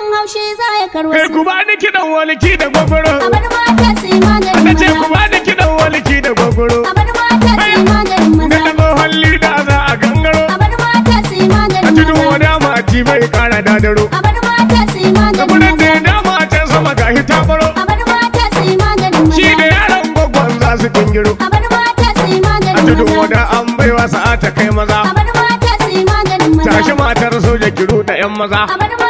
ban haushi za ya karwasi. Kai eh, ku bani kiɗan waliki da gwagwaro. A bar mata su yi maganin maza. Na ce ku bani kiɗan waliki da gwagwaro. A bar mata su yi maganin maza. Daga tsohon lida za a gangaro. A bar mata su yi maganin maza. A cikin wani ama a ci mai kara dadaro. A bar mata su yi maganin maza. Kamunan da ya dama a can sama ga hita baro. A bar mata su yi maganin maza. Shi da yaron gwagwan za su gangaro. A bar mata su yi maganin maza. A cikin wani an baiwa sa'a ta kai maza. A bar mata su yi maganin maza. Tashi matar soja kiro da 'yan maza. A bar mata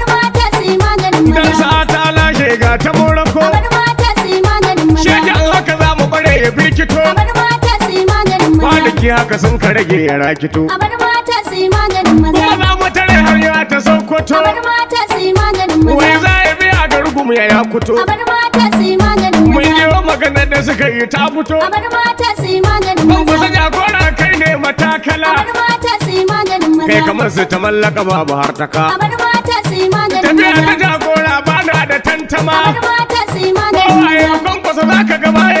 ki haka sun ka rage ya rakito a bar mata su yi maganin maza kuma za mu tare har ta sokoto a bar mata su yi maganin maza wai za a biya ga rugum ya yakuto a bar mata su yi maganin maza mun yi maganar da suka yi ta fito a bar mata su yi maganin maza ba su jagora kai ne matakala a bar mata su yi maganin maza kai kamar su ta mallaka babu har ta ka a bar mata su yi maganin maza tafiya ta jagora ba na da tantama a bar mata su yi maganin maza kowa ya kwankwasa za ka gaba ya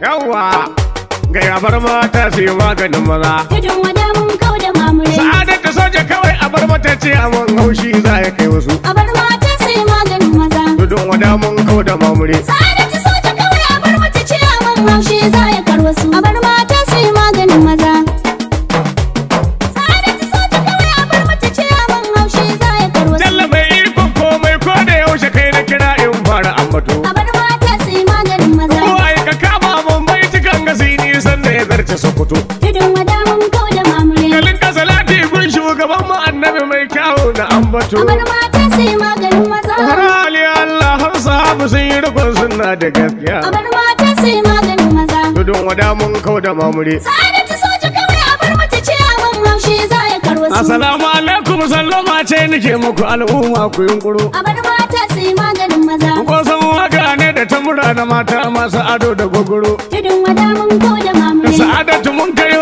Yawwa! Gairafar mata su yi maganin maza. Tudun wada mun kau da mamure. Sa'adar ta soja kawai a bar mata ce a man haushi za ya kai wasu. A bar mata su yi maganin maza. Tudun wada mun kau da mamure. Sa'adar ta soja kawai a bar mata ce a man haushi za ya kai wasu. A bar mata su yi maganin maza. Jallabai ikon komai ko da yaushe kai na kira in fara ambato. sokoto tudun wada mun da mamure kalin kasa lati gun shugaban mu annabi mai kyawu da ambato amar mata sai maganin maza harali allah har sahabu sun yi rukun suna da gaskiya amar mata sai maganin maza tudun wada mun kau da mamure sa'adatu soja kawai abar mace ce a mamman shi za ya su. assalamu alaikum sallama ce nake muku al'umma ku yunkuru amar mata sai maganin maza ko san waka ne da tamura da mata masu ado da gogoro tudun wada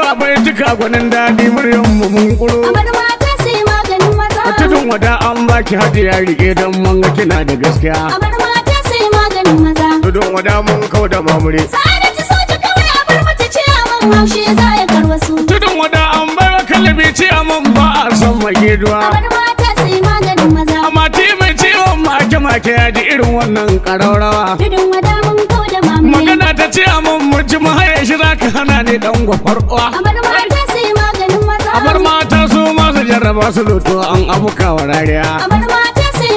labai duka gwanin daɗi muryan mu mun kuro. Amar mata sai maganin maza. A tudun wada an baki hadiya rike don manga kina da gaskiya. Amar mata sai maganin maza. Tudun wada mun kau da mamure. Sa'ada ta soja kawai a bar mata ce a man haushe za ya karwasu. Tudun wada an bar wa kalabi ce a man ba a san a Amar mata sai maganin maza. Amma ti mai ciwon make make ya ji irin wannan ƙararrawa. Tudun wada magana ta ce a mun murji mahaya shi za ka hana ne dan gwafar uwa a mata su su jarraba su loto an abuka wa rariya a mata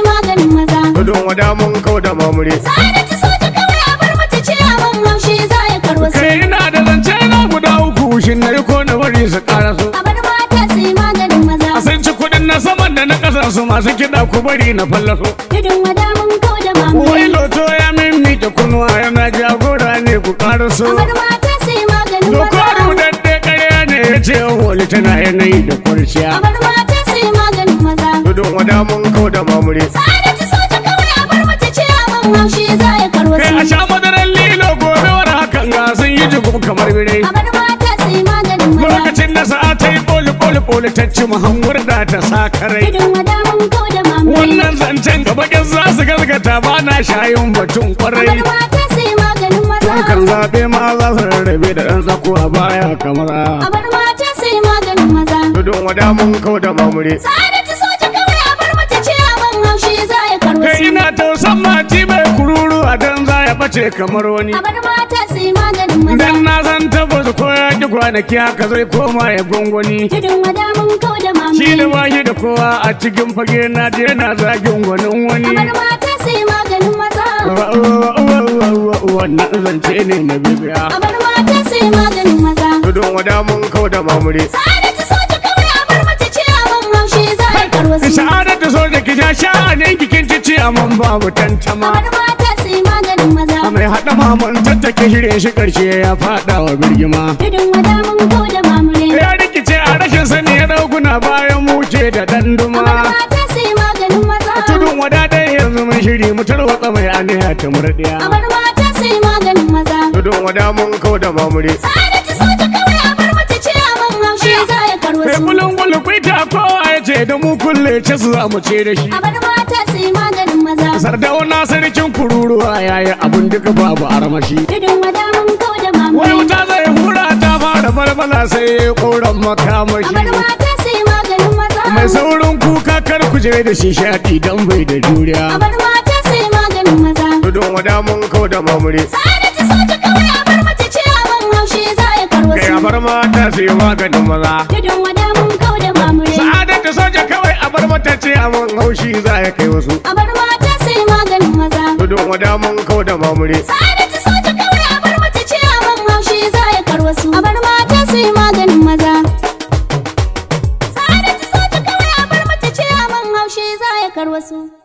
maganin maza gudun wada mun kau da mamure ta soja kawai a mata ce a mun maushe za ya kai ina da zance na guda uku shin na yi ko na bari su a mata su yi a sun na saman da na ƙasa su masu kiɗa ku bari na fallaso gudun wada kau da harso Dukaru dan da ƙarya ne ya ce holi tana yanayi da kurciya Abar mata sai maganin maza Gudun wada mun kau da mamure Sa'ada ci soja kawai abar mace ce a haushe za ya karwasa Kai a sha madaran lilo gobe wani hakan ga sun yi jigum kamar birai Abar mata sai maganin maza Lokacin da sa'a ta yi boli boli boli ta ci muhammur da ta sa karai Gudun wada mun kau da mamure Wannan zancen gaba za su gaskata ba na shayin batun kwarai zaɓe ma za su rarrabe da ɗan tsako a baya kamar a. A bar mata sai maganin maza. Tudun wada mun kau da mamure. Sa'ada ta soja kawai a bar mata ce a ban haushi za ya karo. Kai ina tausan mati mai kururu a dan za ya ɓace kamar wani. A bar mata sai maganin maza. Dan na san tabbas ko ya ji kwanaki haka zai koma ya gwangwani. Tudun wada mun kau da mamure. Shi da wahi da kowa a cikin fage na je na zagin gwanin wani. A bar mata sai maganin maza. wannan zance ne na bibiya a bar mata sai maganin maza tudun wada mun kau da mamure sa'adatu soja kawai a bar mace ce a man haushe za a karwasi sa'adatu soja ki ja sha'anin kikin cici a man mu tantama a bar mata sai maganin maza mai haɗa mamun tattake shirin shi ƙarshe ya faɗa wa birgima tudun wada mun kau da mamure ya rikice a rashin sani ya ɗaukuna bayan wuce da danduma a bar mata sai maganin maza tudun wada dai yanzu mun shiri mu tarwatsa mai aniya ta murɗiya a bar mata tudun wada mun kau da mamure. Sa'adatu soja kawai a bar mace ce a man shi za ya karo su. Mai bulun gulfi ta kowa ya ce da mu kulle ce su za mu ce da shi. A bar mata su yi maganin maza. Sardauna sarkin kururuwa ya yi abun duka babu armashi. Tudun wada mun kau da mamure. Wai wuta zai hura ta fara balbala sai ya yi koran makamashi. A bar mata su yi maganin maza. Mai saurin kuka kar ku je da shi shaɗi don bai da juriya. A bar mata su yi maganin maza. Tudun wada mun kau da mamure. Sa'adatu bar mata su yi maganin maza. Tudun wada mun kau da mamure. Sa'adar ta soja kawai a bar mata ce a haushi za ya kai wasu. A bar mata su yi maganin maza. Tudun wada mun kau da mamure. Sa'adar ta soja kawai a bar mata ce haushi za ya A bar mata su yi maganin maza. Sa'adar ta soja kawai a bar mata ce a haushi za ya